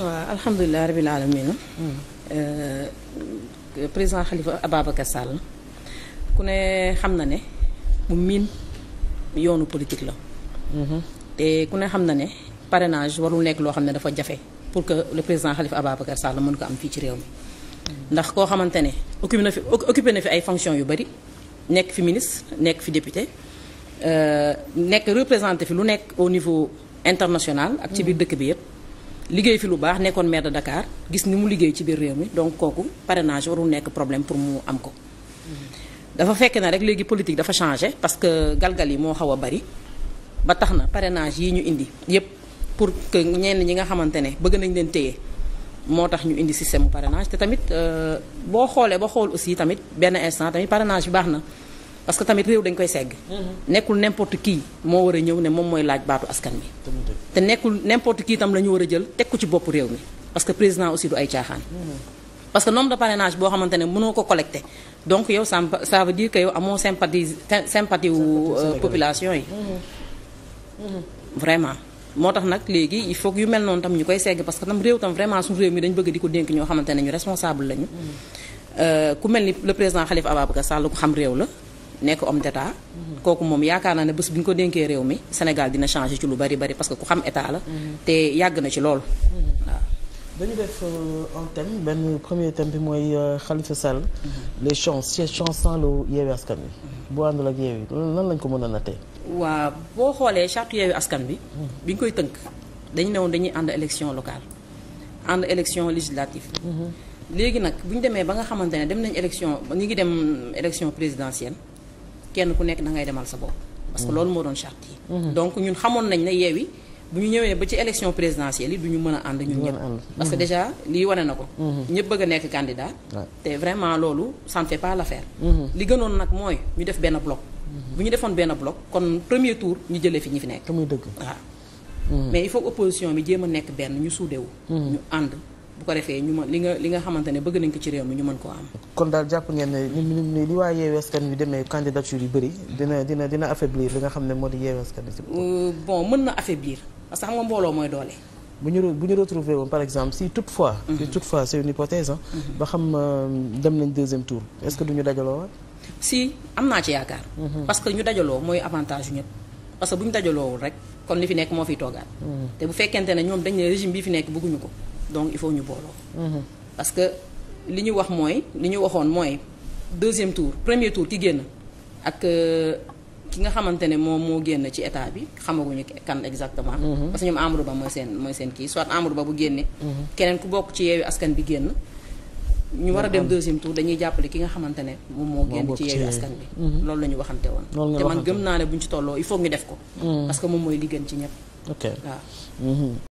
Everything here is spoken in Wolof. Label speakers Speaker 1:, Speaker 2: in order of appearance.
Speaker 1: waaw alhamdulilah rabil aalamiina. Hmm. Euh, président Khalifa Ababacar Sall ku ne xam na ne mu miin yoonu politique la. Hmm. te ku ne xam na ne parrainage warul nekk loo xam ne dafa jafe pour que le président Khalifa Ababacar Sall mën ko am fii ci réew mi. Hmm. ndax koo xamante ne occupé na fi occupé na fi ay fonctions yu bari nekk fi ministre nekk fi député euh, nekk représenté fi lu nekk au niveau international. ak ci biir dëkk bi yëpp. liggéey fi lu baax nekkoon maire de Dakar gis ni mu liggéey ci biir réew mi donc kooku parrainage warul nekk problème pour mu am ko. dafa fekk na rek léegi politique dafa changé parce que galgal yi moo xaw a bari ba tax na parrainage yi ñu indi yépp pour que ñenn ñi nga xamante ne bëgg nañ leen téye moo tax ñu indi système mu parrainage te tamit euh, boo xoolee ba xool aussi tamit benn instant tamit parrainage bi baax na. parce que tamit réew dañ koy segg mm-hmm. nekkul n'importe kii moo war a ñëw ne moom mooy laaj baatu askan bi te nekkul n'importe qui tam la ñu war a jël teg ko ci bopp réew mi parce que président aussi du ay caaxaan mm-hmm. parce que nombre de parrainage boo xamante ne mënoo ko collecté donc yow ça ça veut dire que yow amoo sympathie sympathie wu euh, population yi
Speaker 2: mm-hmm.
Speaker 1: vraiment moo tax nag léegi il faut que yu mel noonu tam ñu koy segg parce que tam réew tam vraiment suñu réew mi ko dénk ñoo xamante ne ñu responsable lañu euh, mel ni le président Khalifa Ababacar xam réew la nekk homme d'état kooku moom yaakaar naa ne bés bu ñu ko dénkee réew mi Sénégal dina changer ci lu bari bari parce que ku xam état la te yàgg na ci lool waaw
Speaker 2: dañu def euh, un thème benn premier thème bi mooy euh, Khalifa Sall les chances ces chances sans le Yewwi Askan Wi bu àndul ak Yewwi lan lañ ko mën a nattee
Speaker 1: waaw boo xoolee charte Yewwi Askan Wi bi ñu koy tënk dañu newoon dañuy ànd élection locale ànd élection législative mhm. léegi nag bu ñu demee ba nga xamante ne dem nañ élection ñu ngi dem élection présidentielle kenn ku nekk da ngay demal sa bopp. parce que mm-hmm. loolu moo doon charte yi. donc ñun xamoon nañ ne Yewwi bu ñu ñëwee ba ci élection présidentielle yi du mën a ànd ñun ñëpp. parce que mm-hmm. déjà lii wane na ko. Mm-hmm. ñëpp bëgg a nekk candidat. te vraiment loolu ça ne fait pas l'affaire. li gënoon nag mooy ñu def benn bloc. bu ñu defoon benn bloc kon premier tour ñu jëlee fi ñi fi nekk. te muy dëgg waaw. mais il faut opposition bi jéem a nekk benn ñu suudewu ñu ànd. bu ko defee ñu mën li nga li nga xamante ne bëgg nañ ko ci réew mi ñu mën
Speaker 2: koo am. kon daal jàpp ngeen ne ni ni li waa Yewwi Askan Wi demee candidature yu bëri dina dina dina affaiblir li nga xam ne moo di Yewwi Askan Wi. Euh, bon mën na affaiblir parce que bu ñu bu ñu retrouvé woon par exemple si toutefois. si mhm. toutefois c'est une hypothèse mhm. ba xam euh, dem nañ deuxième tour est-ce que du ñu dajaloo waat.
Speaker 1: si am naa ci yaakaar. Mhm. parce que ñu dajaloo mooy avantage yu ñëpp. parce que bu ñu dajaloowul rek kon li fi nekk moo fiy toogaat. te bu fekkente ne ñoom dañ bi fi nekk bëgguñu ko. donc il faut ñu booloo. Mhm. parce que li ñu wax mooy li ñu waxoon mooy deuxième tour premier tour ki génn ak euh, ki nga xamante ne moom moo génn ci état bi xamaguñu kan exactement. Mhm. parce que ñoom Amadou Ba mooy seen mooy seen kii soit Amadou Ba bu génne. Mhm. keneen ku bokk ci yeewi askan bi génn. ñu war a dem deuxième tour dañuy jàppale ki nga xamante ne moom moo génn ci yeeyu askan bi loolu la ñu waxante woon te man gëm naa ne bu ñu ci tolloo il faut ñu def ko parce moom mooy li gën ci ñëpp
Speaker 2: ok